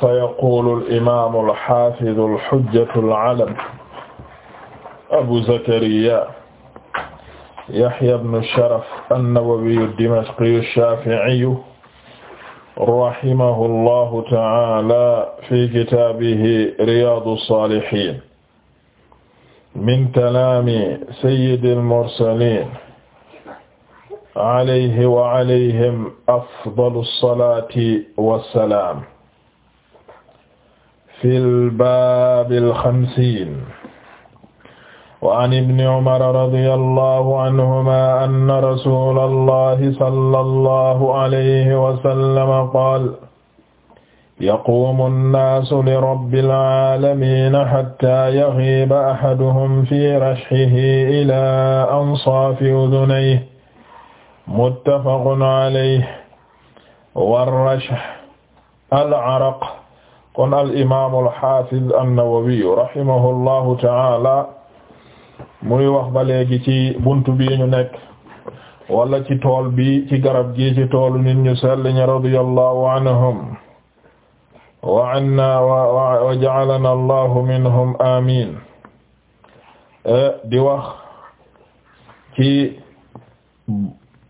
sayaqulu al-imaamu al-haafidu al-hujjatu al-alam abu zakariya yahya ibnu sharaf an-nawawiyu ad-dimashqiyu ash-shaafi'iyu rahimahu llahu ta'aala fi kitaabihi riyaadu saalihiin min kalaami sayyidi al-mursaliin alayhi wa alayhim afdalu salaati wa salaam fil baabil xamsiin wa an ibni umar radiyallahu anhuma anna rasuulallahi sallallahu alayhi wa sallam qaala yaquumu nnaasu lirabbil aalamiina hattaa yagiiba ahaduhum fii rashhihi ilaa ansaafi udunayhi muttafaqun alayhi war-rashhu al-araq kon al imaam al xaafiz an-Nawawi rahimahullahu ta'ala muy wax ba léegi ci buntu bi ñu nekk wala ci tool bi ci garab gi ci toolu nit ñu sell ñi radiyallahu anhum wa anna wa ja'alana allahu minhum amiin e, di wax ci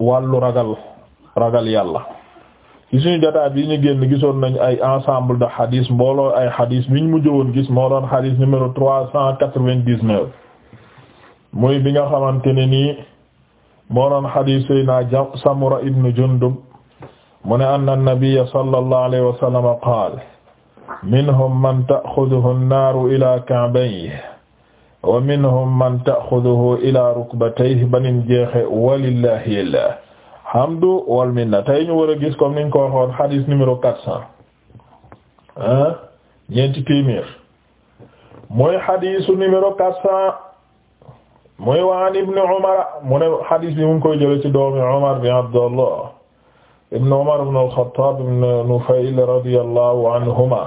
wàllu ragal ragal yàlla ci suñu jotaay bi ñu génn gisoon nañu ay ensemble de hadith mbooloo ay hadith bi ñu mujj woon gis moo doon hadith numéro trois cent quatre-vingt-dix-neuf muy bi nga xamante ne nii moo doon hadith Seydina Samura ibn Jundub mu ne anna nabiyya sallallahu alayhi wa sallam qaala minhum man ta'xuduhu an-naaru wa minhum man ta'xuduhu ilaa rukbatayhi banim jeexe walillahi hamdu wal minna tey ñu war a gis comme niñ ko waxoon hadis numéro quatre cent ah ñeenti téeméer mooy hadisu numéro quatre cent mooy waan ibnu Umar mu ne hadis bi mu ngi koy jële ci doomi Umar bin Abdullah ibnu Umar ibn al-Khattab ibn Nufayl radiyallahu anhuma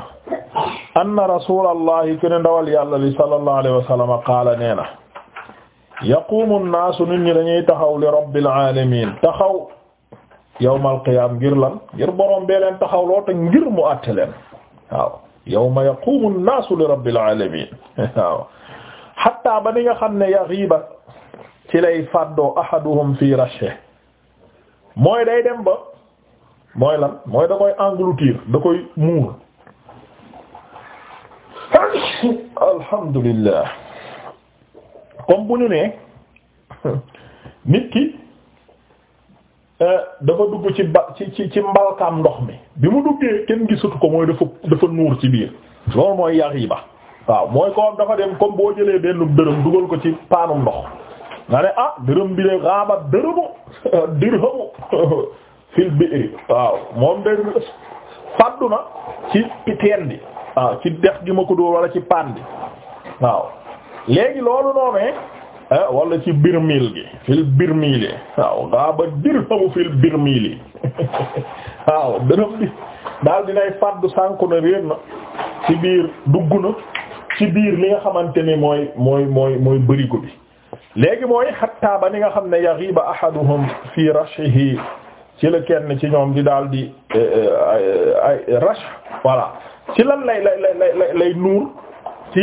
anna rasulallahi kene ndawal yàlla li sallallahu alayhi wa sallam qaala neena yaqumu nnaasu nit ñi dañuy taxaw li taxaw yawmal qiyaam ngir lan ngir borom bee nga xam ne yaxiiba lay fàddoo ahaduhum fi rashe mooy day dem ba mooy lan koy engloutir da koy muur alhamdulillah comme bu ñu nee nit ki euh, dafa dugg ci ba ci ci ci mbalkaam ndox mi bi mu duggee kenn gisatu ko mooy dafa dafa nuur ci biir loolu mooy yar yi ba waaw mooy ko dafa dem comme boo jëlee benn dërëm dugal ko ci paanum ndox nga ne ah dërëm bi de raaba dërëmu dirhamu fil bi'ri waaw moom de fàddu na ci teen bi waaw ci dex gi ma ko dóor wala ci paan bi waaw léegi loolu noonee ah, wala ci birmil gi fil birmili waaw gaaba dirhamu fil birmili waaw dërëm bi daal dinay fàddu sànku na réer na ci biir dugg na ci biir li nga xamante ni mooy mooy mooy mooy bërigo bi léegi mooy xattaa ba ni nga xam ne yaxiba ahaduhum fi rashihi ci la kenn ci ñoom di daal di eh, eh, ay rash voilà ci lan lay lay lay lay lay nuur ci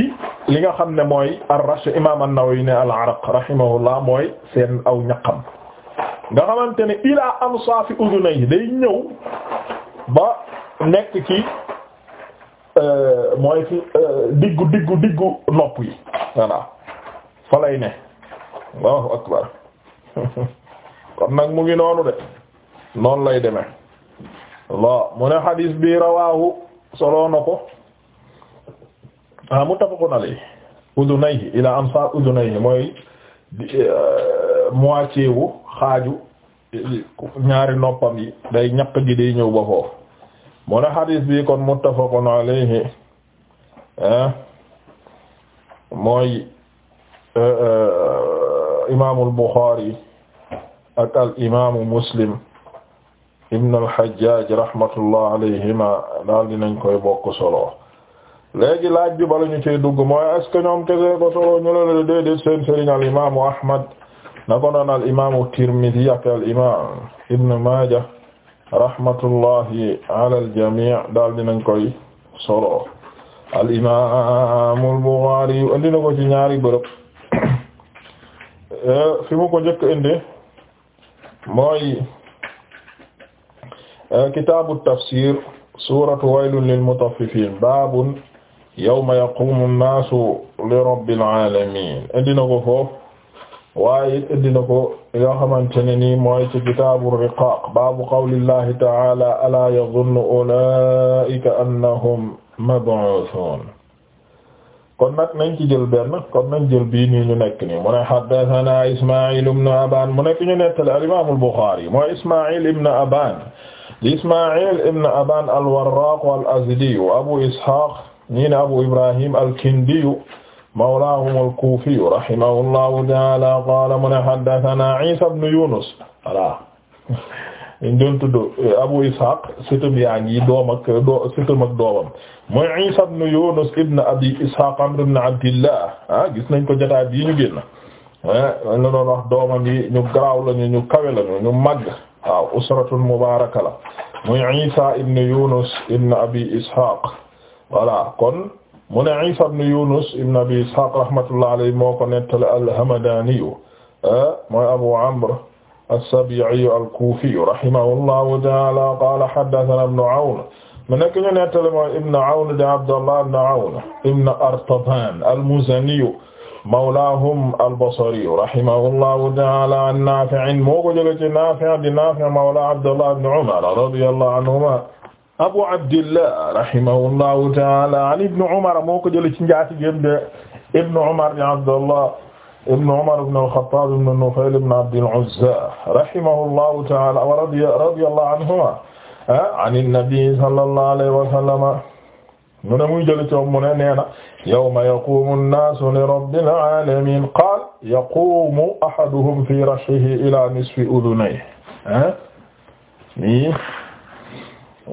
li nga xam ne mooy ar-Rash imaam an-Nawawi ne al-Araq rahimahullah mooy seen aw ñaqam nga xamante ne ilaa amsaafi udunayhi day ñëw ba nekk ci euh, mooy fi euh, diggu diggu diggu nopp fa lay ne Allahu akbar kon nag mu ngi noonu de noonu lay demee Allah mu ne xadiis bi rawaahu solo na ko ah muttafaqun alayhi udunayhi ila ansaar udunayhi mooy euh, moitié wu xaaju ñaari noppam yi day ñaq gi day ñëw ba foofu mu ne xadiis bi kon muttafaqun alayhi ah, mooy euh, euh, imaamul Buxaari ak al imaamu Muslim ibn al Hajjaaj rahmatullah alayhima daal dinañ koy bokk solo léegi laaj bi ñu ci dugg mooy est ce que ñoom kese ko solo ñu la déedéet seen sëriñ al imaamu Ahmad na ko noon al imaamu Tirmidhi ak al imaam Ibn Maaja rahmatullahi ala jamii' daal dinañ koy solo al imaamu al Bukhari indi na ko ci ñaari bërëb eh, fi mu ko njëkk indi mooy eh, kitaabu tafsir suuratu waylun lil mutaffifin baabun yawma yaqumu nnaasu li rabbil aalamiin indi na ko foofu waaye it indi na ko yoo xamante ne nii mooy ci kitaabu riqaaq baabu qawlillahi ta'aala alaa yazunnu ulaa'ika annahum mab'uusuun kon nag nañ ci jël benn kon nañ jël bii nii ñu nekk nii mu ne haddathanaa Ismaa'iil ibn Abaan mu nekk ñu nettali al-imaam al-Buxaari mooy Ismaa'iil ibn Abaan di Ismaa'iil ibn Abaan al-Warraaq al-Azdi wa Abu Ishaaq ñii ne Abu Ibrahim al-Kindiyu mawlaahum al-Kuufiyu rahimahullahu ta'aala qaala mu ne haddathanaa Iisaa ibn Yuunus voilà ñu doon tudd Abu Ishaaq sëtam yaa ngi doom ak doo sëtam ak doomam mooy Iisaa ibn Yuunus ibn Abi Ishaaq Amr ibn Abdillah ah gis nañ ko jotaay bii ñu génn ah la doon wax doomam yi ñu garaaw lañu ñu kawe lañu ñu màgg waaw usratun mubaaraka la muy Iisaa ibn Yuunus ibn Abi Ishaaq voilà kon mu ne Isa ibn Yunus ibn Abi Ishaq rahmatullah alayhi moo ko nettali al-Hamadaniyu eh, mooy Abu Amr as-Sabi'iyu al-Kufiyu rahimahullahu ta'ala qala haddathana Ibn Awn mu nekk ñu nettali mooy Ibn Awn di Abdullah ibn Awn ibn Artaban al-Muzaniyu mawlaahum al-Basriyu rahimahullahu ta'ala an Nafi'in moo ko jëlee ci Nafi' di Nafi' mawla Abdullah ibn Umar radiyallahu anhuma abu abdillah rahimahullahu taala an ibni umar moo ko jële ci njaatigéem de ibni umar di abdallah ibni umar ibn al-khattab ibn nufayl ibn abd al-uzza rahimahullahu taala wa radiyallahu anhuma ah, an an-nabi sallallahu alayhi wa sallama mu ne muy jële ci mu ne nee na yawma yaqumu an-nasu li rabbil alamin qaala yaqumu ahaduhum fi rashhihi ila nisfi udunayhi ah,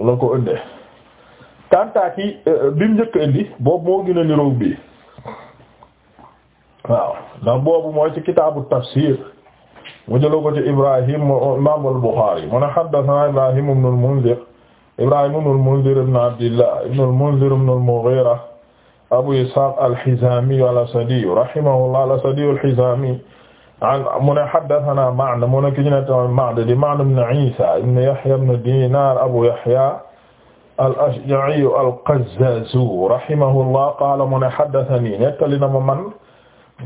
la ko indee kanta ki euh, euh, bi mu njëkk indi boobu moo gën a niroog bii waaw ndax boobu mooy ci kitaabu tafsir mu jëla ko ci Ibrahim imam al-Bukhari mu ne haddathana Ibrahim ibn al-Munzir Ibrahim ibn al-Munzir ibn Abdillah ibn al-Munzir ibn al-Mughira Abu Ishaq al-Hizami al-Asadi rahimahullah al-Asadi al-Hizami mu ne haddathana Ma'n mu ne ki ñu ne tamit Ma'n di Ma'n ibn Isa ibn Yahya ibn Dinar Abu Yahya al-Ashja'i al-Qazzaz rahimahullah qala mu ne haddathani nettali na ma man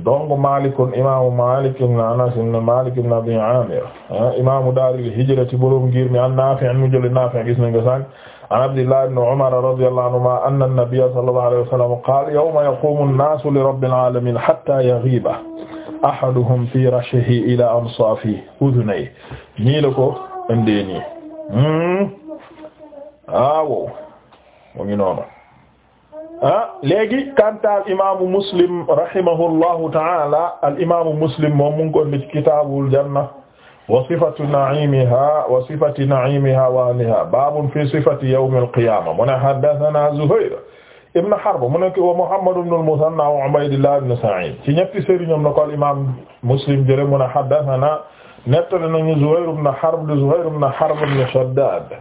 donc Malik imaamu Malik ibn Anas ibn Malik ibn Abi Amir ah, imaamu dar al-hijra borom ngir mi an Nafi' mu jël Nafi' gis nañ ko sànq an Abdillah ibn Umar radiyallahu anhuma anna an-nabiyya sallallahu alayhi wa sallam qala yawma yaqumu an-nasu li rabbil alamin hatta yaghiba ahaduhum fi rashihi ila ansaafi udunay nii la ko indee nii hmm? ah, waaw mu ngi noonu ah léegi kantaal imaamu muslim rahimahullahu taala al imaamu muslim moom mu ngi ko indi ci kitaabul janna wa sifatu naimiha wa sifati naimiha wa ahliha baabun fi sifati yawmil qiyaama mu ne haddasanaa Zuhayr ibn Harb mu nekk wa Muhammad ibn al-Musanna wa Ubaydillah ibn Sa'id ci ñetti sëriñam la ko al imam Muslim jële mu ne haddathana nettali nañu Zuhayr ibn Harb Zuhayr ibn Harb ibn Shaddad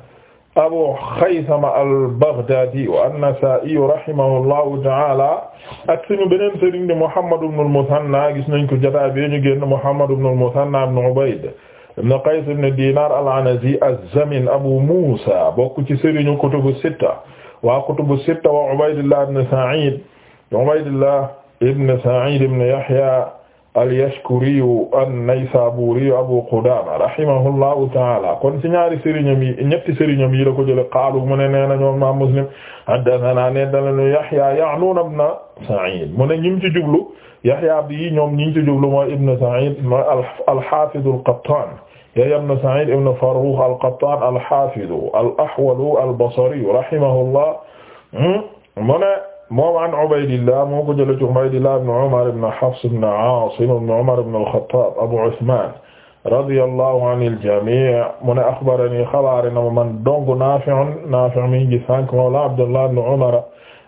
Abu Khaythama al-Baghdadi wa an-Nasa'i rahimahullahu ta'ala ak suñu beneen sëriñ de Muhammad ibn al-Musanna gis nañ ko jotaay bi ñu génn Muhammad ibn al-Musanna ibn Ubayd ibn Qays ibn Dinar al-Anazi az-Zamin Abu Musa bokk ci sëriñu kutubu sitta waa kutubu sitta wa Ubaydullah ibn Sa'id Ubaydullah ibn Sa'id ibn Yahya al-Yashkuri an-Naysaburi Abu Qudama rahimahullahu ta'ala kon ci ñaari sëriñam yi ñetti sëriñam yi la ko jëlee qaalu mu ne nee na ñoom ma Muslim haddathana ne dalanu Yahya ya'nuna ibn Sa'id mu ne ñim ci jublu Yahya bi ñoom ñi ci jublu mooy ibn Sa'id mooy al-Hafiz al-Qattan ibn Sa'id ibn Farrukh al-Qattan al-Hafiz al-Ahwal al-Basri rahimahullah hmm? mu ne moom an Ubaydillah moo ko jëlee ci Ubaydillah ibn Umar ibn Hafs ibn Asim ibn Umar ibn al-Khattab Abu Uthman radiyallahu anil jami' mu ne akhbarani xabaare na ma man dong Nafi' Nafi' mi ngi sànq mawla Abdullah ibn Umar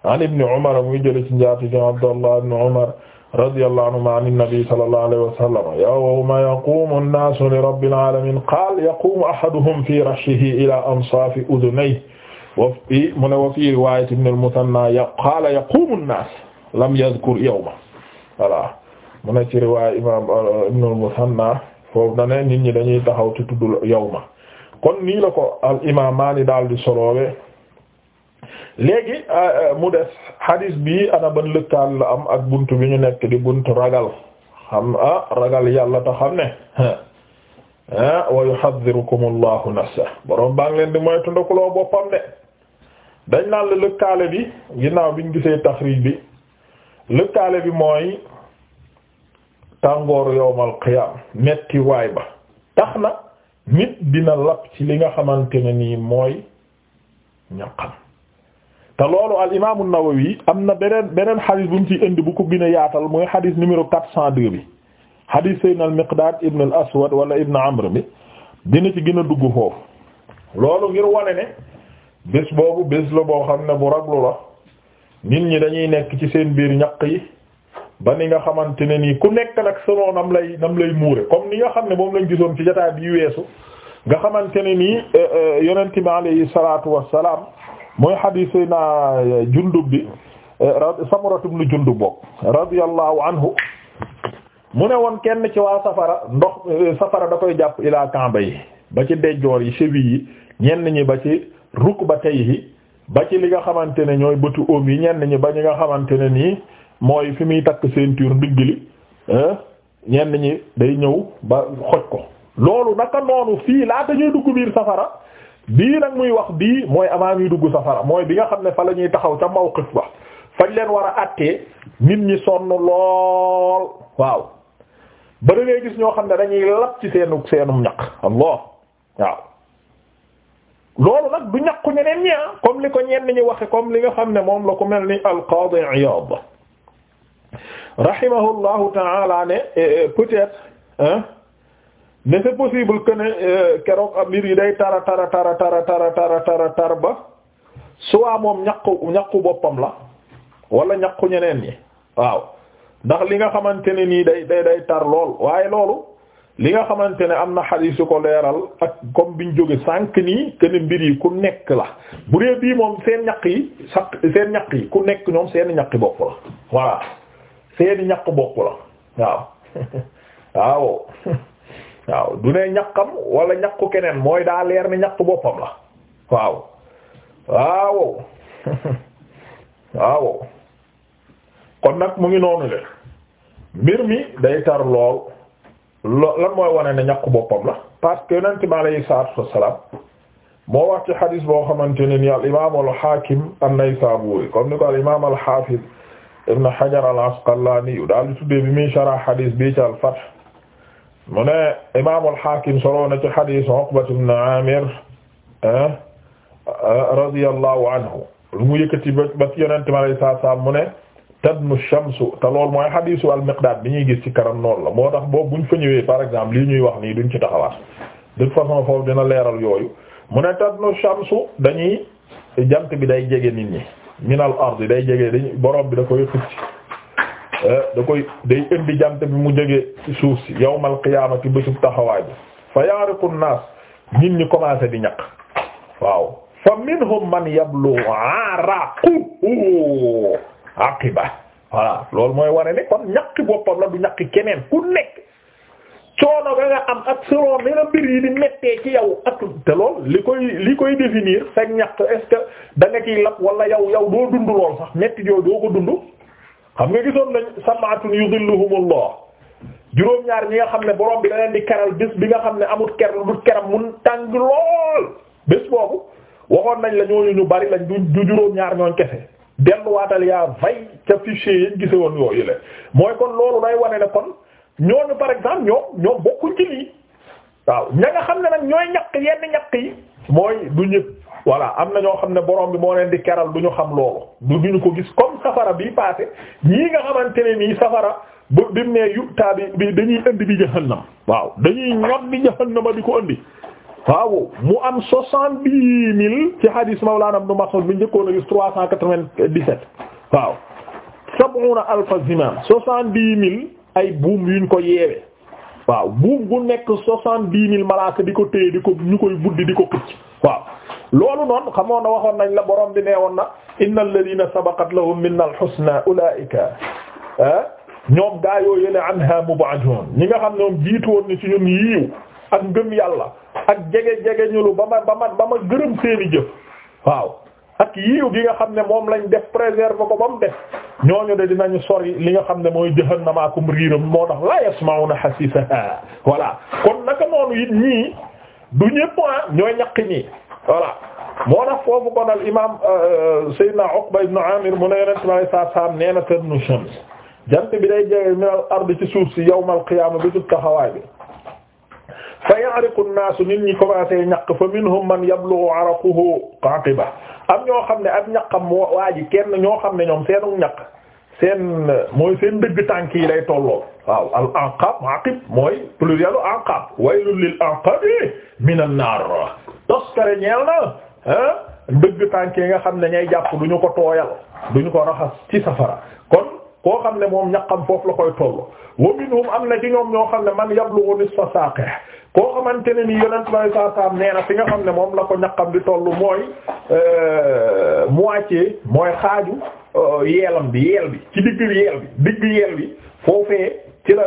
an ibn Umar mu jëlee ci njaati Abdullah ibn Umar radiyallahu anhuma an nabi sallallahu alayhi wa sallam yawma yaqumu nnaasu li rabbil aalamiin qaala yaqumu ahaduhum fi rashhihi ila ansaafi udunayhi wa fi mu ne wa fi riwaayatin min al-Muthanna qaala yaqumu nnaas lam yadhkur yawma voilà mu ne ci riwaaya imaam euh, ibn al-Muthanna foofu da ne nit ñi dañuy taxaw ci tudd yawma kon nii la ko al imaam Maalik daal di soloowe léegi euh, euh, mu des hadis bi ana ban la am ak bunt bi ñu nekk di bunt ragal xam ah ragal yàlla ta xam ne ah wa yuhadhirukum allahu nafsa borom baa ngi leen di moytu ndokuloo boppam de dañ naan la lëkkaale bi ginnaaw bi ñu gisee taxrij bi lëkkaale bi mooy tàngoor yowmal qiyaam metti waay ba tax na nit dina lap ci li nga xamante ne nii mooy ñaqam te loolu al imaam an-Nawawi am na beneen beneen xadis bu mu ci indi bu ko gën a yaatal mooy xadis numéro 402 bi xadis sayyidina al-Miqdaad ibn al-Aswad wala ibn Amr bi dina ci gën a dugg foofu loolu ngir wane ne bés boobu bés la boo xam ne bu raglu la nit ñi dañuy nekk ci seen biir ñaq yi ba ni nga xamante ne nii ku nekk nag selon nam lay nam lay muure comme ni nga xam ne moom lañ gisoon ci jotaay bi weesu nga xamante ne nii eh, eh, yonent bi alayhi salaatu salaam mooy xadiis yi naa jundub bi eh, Samuratu ibn Jundub bokk radiyallahu anhu mu ne woon kenn ci waa safara ndox eh, safara da koy jàpp ilaa kamba yi ba ci dejjoor yi cheville yi ñenn ñi ba ci ruq ba tey ba ci li nga xamante ne ñooy bëtu oom yi ñenn ñi ba ñi nga xamante ne nii mooy fi muy takk ceinture ndigg li eh, ñenn ñi day ñëw ba xoj ko loolu naka noonu fii laata ñuy dugg biir safara bii nag muy wax bii mooy avant ñuy dugg safara mooy bi nga xam ne fa la ñuy taxaw ca mawqif ba fañ leen war a àttee nit ñi sonn lool waaw ba da gis ñoo xam ne dañuy lap ci seenu seenum ñaq allah waaw loolu nag du ñaqu ñeneen ñi ah comme li ko ñenn ñi waxe comme li nga xam ne moom la ko mel ni al qadi Iyad rahimahullahu ta'ala ne eh, eh, peut-être ne c'est possible que ne euh, keroog ah, mbir yi day tara tara tara tara tara tara tara tar ba soit moom ñaqu ñaqu boppam la wala ñaqu ñeneen ñi waaw ndax li nga xamante ne nii day day day tar lool waaye loolu li nga xamante ne am na xadiis yu ko leeral ak comme biñ jóge sànq nii que ne mbir yi ku nekk la bu dee bii moom seen ñaq yi sax seen ñaq yi ku nekk ñoom seen ñaqi bopp la voilà seen ñaq bopp la waaw waaw waaw du ne ñaqam wala ñaqu keneen mooy daa leer ni ñaq boppam la waaw waaw waaw kon nag mu ngi noonu le mbir mi day tar lool lo lan mooy wane ne ñaq boppam la parce que yonent bi alayhi salaatu wassalaam moo wax ci boo xamante ni al imaam al Haakim an-Naysaabuuri comme ni ko al imaam al Haafiz ibn Hajar al Asqalaani yu daal di bi muy sharh xadis bi ci mu ne imaamul Haakim soloo na ci hadiis Uqbat ibn Aamir ah, radiyallahu anhu lu mu yëkkati ba ba ci Yonent mi alayhi salaatu salaam mu ne tadnu shamsu te lool mooy hadiisu al-Miqdaad bi ñuy gis ci kanam noonu la moo tax boobu buñ fa ñëwee par exemple lii ñuy wax nii duñ ci taxawaat de toute façon foofu dina leeral yooyu mu ne tadnu shamsu dañuy jant bi day jege nit ñi minal ard day jege dañuy borom bi da koy xëcc Eh, da koy day indi jànt bi mu jógee ci suuf si yawmal qiyaamati bésub taxawaay bi fa ya'riqu an-naas nit ñi commencé bi ñaq waaw fa minhum man yablu araquhu aqiba voilà loolu mooy ware ne kon ñaqi boppam la du ñaqi keneen ku nekk coono ga nga am ak selon ni mbir yi di mettee ci yow ak te lool li koy li koy définir sa ñaq est-ce da nga ciy lap wala yow yow doo dund lool sax metti yooyu doo ko dund xam nga gisoon nañ samaatun yudilluhumullah juróom-ñaar ñi nga xam ne borom bi da leen di keral bés bi nga xam ne amul ker du keram mun tàng lool bés boobu waxoon nañ la ñooñu ñu bari lañ du juróom-ñaar ñooñ kese delluwaatal yaa vay ca fichier yi gise woon yooyu la mooy kon loolu day wane ne kon ñooñu par exemple ñoom ñoom bokkuñ ci lii waaw ña nga xam ne nag ñooy ñaq yenn ñaq yi mooy du ñëpp voilà am na ñoo xam ne borom bi moo leen di keral du ñu xam loolu du duñu ko gis comme safara bi passé ñii nga xamante ne nii safara bu bi mu nee yuttaa bi dañuy indi bi jahannam waaw dañuy ñot bi jahannama di ko indi waaw mu am soixante-dix mille ci hadis Mawlana Ibn Mas'ud bi njëkkoon a gis trois cent quatre-vingt-dix-sept waaw sab'una alfa zimam soixante-dix mille ay buum yuñ ko yeewe waaw buum gu nekk soixante-dix mille malaaka di ko téye di ko ñu koy buddi di ko loolu noonu xamoon na waxoon nañ la borom bi nee woon na innal ladina sabaqat lahum minna al-husna ulaika ah, ñoom gaa yoo yële anha mub'adun ñi nga xam ne ñoom jiitu woon ni ci ñun yiiw ak ngëm yàlla ak jege jege ñulu ba ma ba ma ba ma gërëm seeni jëf waaw ak yiiw gi nga xam ne moom lañu def préserver ko ba mu def ñooñu de dinañu sori li nga xam ne mooy jahannamaakum riiram moo tax la yasma'una hasisaha voilà kon naka noonu it ñii du ñëpp ah, ñooy ñaq ñi voilà moo tax foofu kon al imaam euh, euh, Seydina Uqba ibn Amir mu ne Yonent bi saa saam nee na tëdd nu shams jant bi day jege min al ard ci suuf si yawmal qiyaama bi tub taxawaay bi fa ya'riqu an-naasu nit ñi commencé ñaq fa minhum man yablughu 'araquhu qaatiba am ñoo xam ne ak ñaqam waa ji kenn ñoo xam ne ñoom seenu ñaq seen mooy seen dëgg tànk yi lay tolloo waaw al anqab aqib mooy plurielu anqab waylul lil anqabi min an-naar toskare ñeel na ah dëgg tànk yi nga xam ne ñay jàpp du ñu ko tooyal du ñu ko raxas ci safara kon koo xam ne moom ñaqam foofu la koy toll wa minhum am na ci ñoom ñoo xam ne man yabluwu nisfa saqih koo xamante ne ni yonent bay saa saam nee na fi nga xam ne moom la ko ñaxam di toll mooy euh, moitié mooy xaaju euh, yeelam bi yeel bi ci digg yeel bi digg yeel bi foofee ci la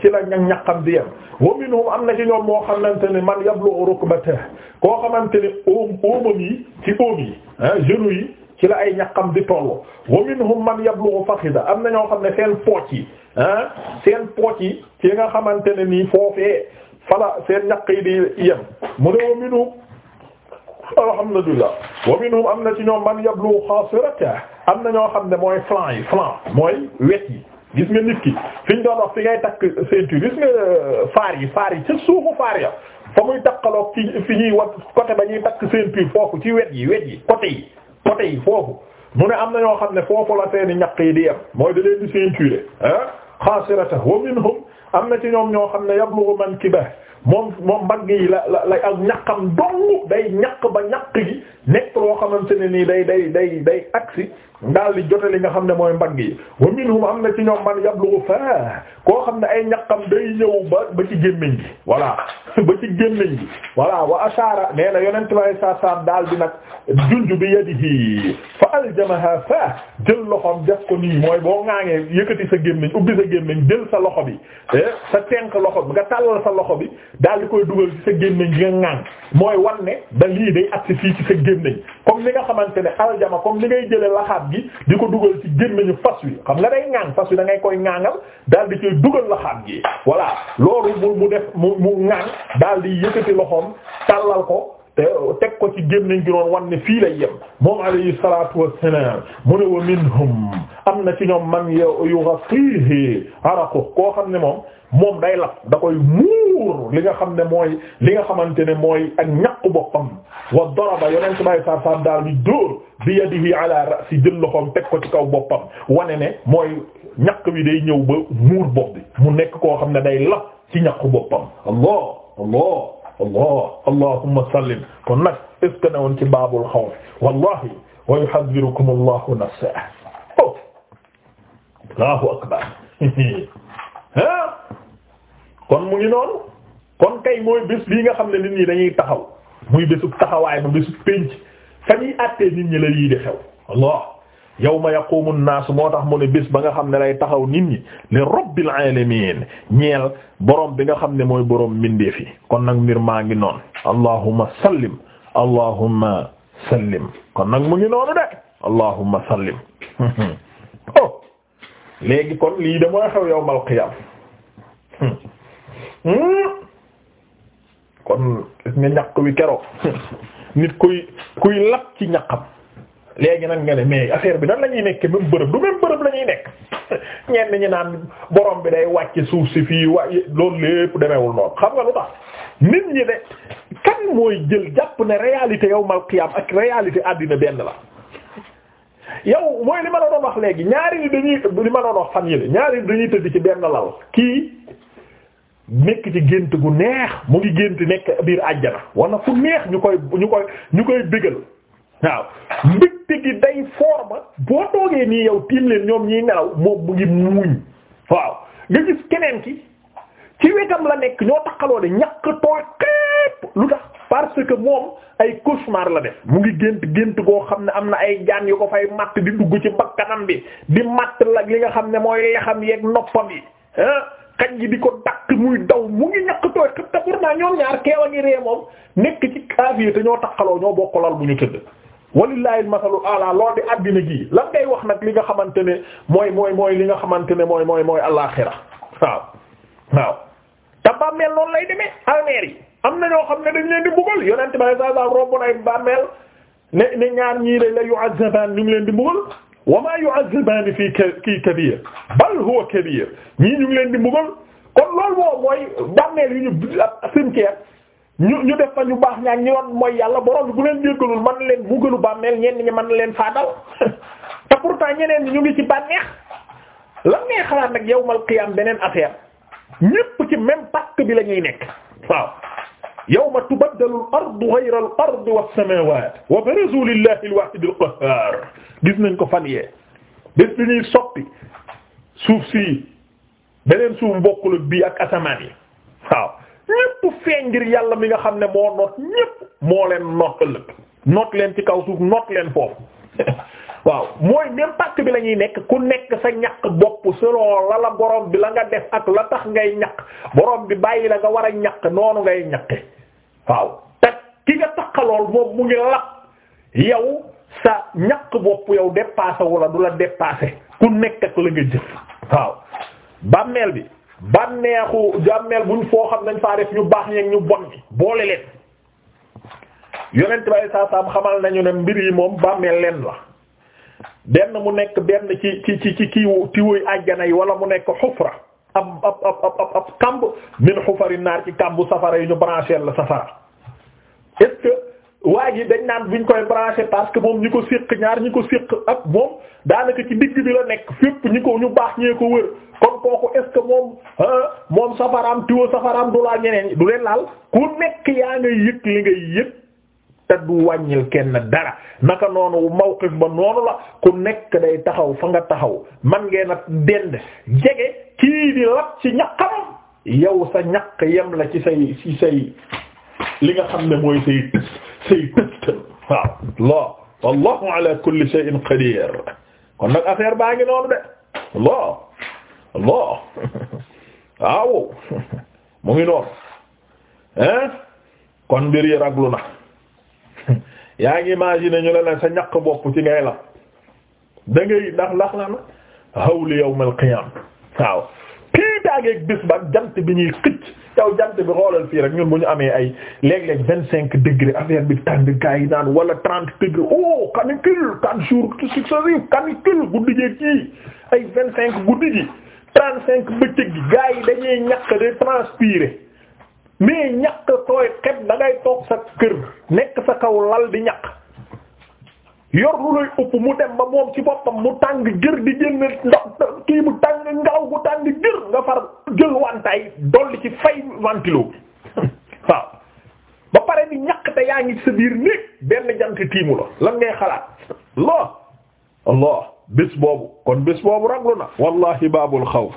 ci la ñaq ñaqam di yem wa minhum am na ci ñoom moo xamante ne man yablu rukbatah koo xamante ne óom yi ci óom yi ah yi ci la ay ñaqam di tollu wa minhum man yablu fakhida am na ñoo xam ne seen pooc yi ah seen yi ci nga xamante ne nii foofee fala seen ñaq yi di yem mu ne wa minhum alhamdulillah wa minhum am na ci ñoom man yablu khasirata am na ñoo xam ne mooy flanc yi flanc mooy wet yi gis nga nit ki fi ñu doon wax fi ngay takk ceinture gis nga euh, faar yi faar yi ca suufu faar ya fa muy takkaloog fi ñuy wat côté ba ñuy takk ceinture foofu ci wet yi wet yi côté yi côté foofu mu ne am na ñoo xam ne foofu la seeni ñaq yi di yem mooy da leen di ceinture ah xaasirata wa minhum am na ci ñoom ñoo xam ne ko yablughu mankibah moom moom mbagg yi la la la ak ñaqam dong day ñaq ba ñaq gi nekk loo xamante ne nii day day day day agsi daal di jote li nga xam ne mooy mbagg yi wa minhum am na ci ñoom man yablugu fa koo xam ne ay ñaqam day ñëw ba ba ci gémmiñ gi voilà ba ci gémmiñ gi voilà wa ashara nee na yonent way sa saa daal bi nag junj bi yadihi fa aljamaha fa jël loxom def ko nii mooy boo ŋaangee yëkkati sa gémmiñ ubbi sa gémmiñ jël sa loxo bi eh, sa tenk loxo bi nga tàllal sa loxo bi daal di koy dugal ci sa gémmiñ gi nga ŋaang mooy wan da lii day agsi fii ci sa gémmiñ comme ni nga xamante ne aljama comme ni ngay jële di ko dugal ci gémmiñu fas wi xam nga day ŋaang fas wi da ngay koy ŋaangal daal di koy dugal la xam gi voilà loolu mu mu def mu mu ŋaang daal di yëkkati loxoom tàllal ko teg ko ci gémmiñ gi doon ne fii lay yem moom alayhi salaatu wassalaam mu ne wa minhum am na ci ñoom man yughashihi araqu koo xam ne moom moom day lap da koy muur li nga xam ne mooy li nga xamante ne mooy ak ñaq boppam wa daraba yonent bay sar sar daal di dóor bi yadihi ala ra'si jël loxoom teg ko ci kaw boppam wane ne mooy ñaq bi day ñëw ba muur bopp mu nekk koo xam ne day lap ci ñaq boppam Allah Allah allah allahumma sallim kon nag est ce que ne woon ci baabul xawf wallahi wa yuhadhirukum allahu nafsahu oh allahu akbar ah kon mu ngi noonu kon kay mooy bés bii nga xam ne nit ñi dañuy taxaw muy bésub taxawaay bu bésub pénc fa ñuy àttee nit ñi la yii di xew yawma yaqumu nnaas moo tax mu ne bés ba nga xam ne lay taxaw nit ñi li rabbil alamin ñeel borom bi nga xam ne mooy borom mbindeef yi kon nag mbir maa ngi noonu allahumma sallim allahumma sallim kon nag mu ngi noonu de allahumma sallim oh léegi kon lii de mooy xew yawmal qiyaam hmm? kon nga ñaq wi keroog nit kuy kuy lap ci ñaqam. léegi nag nga ne mais affaire bi nan la ñuy nekkee même bërëb du même bërëb la ñuy nekk ñenn ñi naan borom bi day wàcc suuf si fii wa loolu lépp demewul noonu xam nga lu tax nit ñi de kan mooy jël jàpp ne réalité yow mal qiyam ak réalité àddina benn la. yow mooy li ma la doon léegi ñaari li dañuy li ma doon wax fan yële ñaari li dañuy tëdd ci benn lal kii nekk ci gént gu neex mu ngi gént nekk biir àjjana wala fu neex ñu koy ñu koy ñu koy bégal waaw. yitte gi day foor ba boo toogee nii yow tiim leen ñoom ñiy nelaw moom mu ngi muñ waaw nga gis keneen ki ci wetam la nekk ñoo taxaloo de ñàkk tooy képp lu tax parce que moom ay cauchemar la def mu ngi gént gént goo xam ne am na ay jaan yu ko fay matt di dugg ci bakkanam bi di matt la li nga xam ne mooy lexam yeeg noppam yi ah xaj gi di ko dakk muy daw mu ngi ñàkk tooy xëpp te pourtant ñoom ñaar keewa ngi ree moom nekk ci kaafiir te ñoo taxaloo ñoo bokk lal bu walillahi almasalu ala lool di àddina gi lan ngay wax nag li nga xamante ne mooy mooy mooy li nga xamante ne mooy mooy mooy alaaxira waaw waaw te bàmmeel noonu lay demee almeer yi am na ñoo xam ne dañ leen di mbugal yonent ba saa saa romb nay ne ne ñaar ñii lay la yu'azzabaan ñu leen di mbugal wa maa yu'azzabaani fii kii kabiir bal huwa kabiir ñii ñu ngi leen di mbugal kon loolu moom mooy bàmmeel yu ñu cimetière ñu ñu def fa ñu baax ñaan ñu yoon mooy yàlla borom bi bu leen jéggalul man leen buggalu bàmmeel ñenn ñi man leen faa dal te pourtant ñeneen ñu ngi ci bànneex lan ngay xalaat nag yawmal qiyam beneen affaire ñépp ci même pacte bi lañuy ñuy nekk waaw yawma tubaddalu al-ardu ghayra al-ardi was wa barazu lillahi al-wahid al-qahhar gis nañ ko fan yee bés ñuy soppi suuf si beneen suuf bokkul bii ak asamaan yi ñépp feeñ ngir yàlla mi nga xam ne moo noot ñépp moo leen noot ëllëg noot leen ci kaw suuf noot leen foofu waaw mooy même pàcc bi lañuy nekk ku nekk sa ñaq bopp selon la la borom bi la nga def ak la tax ngay ñaq borom bi bàyyi la nga war a ñaq noonu ngay ñaqe waaw te ki nga taxalool moom mu ngi lap yow sa ñaq bopp yow dépassé wu la du la dépassé ku nekk ak la nga jëf waaw bàmmeel bi. bànneexu jàmmeel buñ foo xam nañ faa def ñu baax ñeeg ñu bon bi boole leen yonent bay saa saam xamal nañu ne mbir yi moom bàmmeel leen la benn mu nekk benn ci ci ci ci kiiwu tiwoy àjjana yi wala mu nekk xufra ab ab ab ab ab kamb xufari naar ci kàmb safara yi ñu branché la safara est que waa ji dañ naan buñ koy branché parce que moom ñi ko séq ñaar ñi ko séq ak moom daanaka ci digg bi la nekk fépp ñi ko ñu baax ñee ko wër kooku est-ce que moom moom safaraam tiwo safaraam du laa ñeneen du leen laal ku nekk yaa ngay yëg li ngay yëg te du wàññil kenn dara naka noonu mawqif ba noonu la ku nekk day taxaw fa nga taxaw man ngeen a dend jege kii di lap ci ñaqam yow sa ñaq yem la ci say ci say li nga xam ne mooy say tës say tës waaw Allah wallahu ala kulli shay'in qadir kon nag affaire baa ngi noonu de Allah Allah waaw mu ngi noonu hein kon mbir yi raglu na yaa ngi imaginer ñu la ne sa ñaq bopp ci ngay la da ngay ndax ndax la na hawli yawmal qiyam waaw kii daageeg bis ba jant bi ñuy xëcc taw jant bi xoolal fii rek ñun bu ñu amee ay léeg-léeg vingt cinq degré affaire bi tàng gaa naan wala trente degré oh canicule quatre jours successifs guddi jeeg ci ay vingt cinq guddi ji trente cinq bëccëg gi gaa yi dañuy ñàkk de transpirer mais ñàkk tooy xet da toog sa kër nekk sa kaw lal di ñàkk yor lu lay upp mu dem ba moom ci boppam mu tàng jër di jël ndox kii tàng ngaaw bu tàng jër nga far jël wantaay dolli ci fay ventilo waaw ba pare di ñaq te yaa ngi ci sa biir néeg benn jant tiimu la lan ngay xalaat Allah Allah bés boobu kon bés boobu raglu na wallahi baabul xawf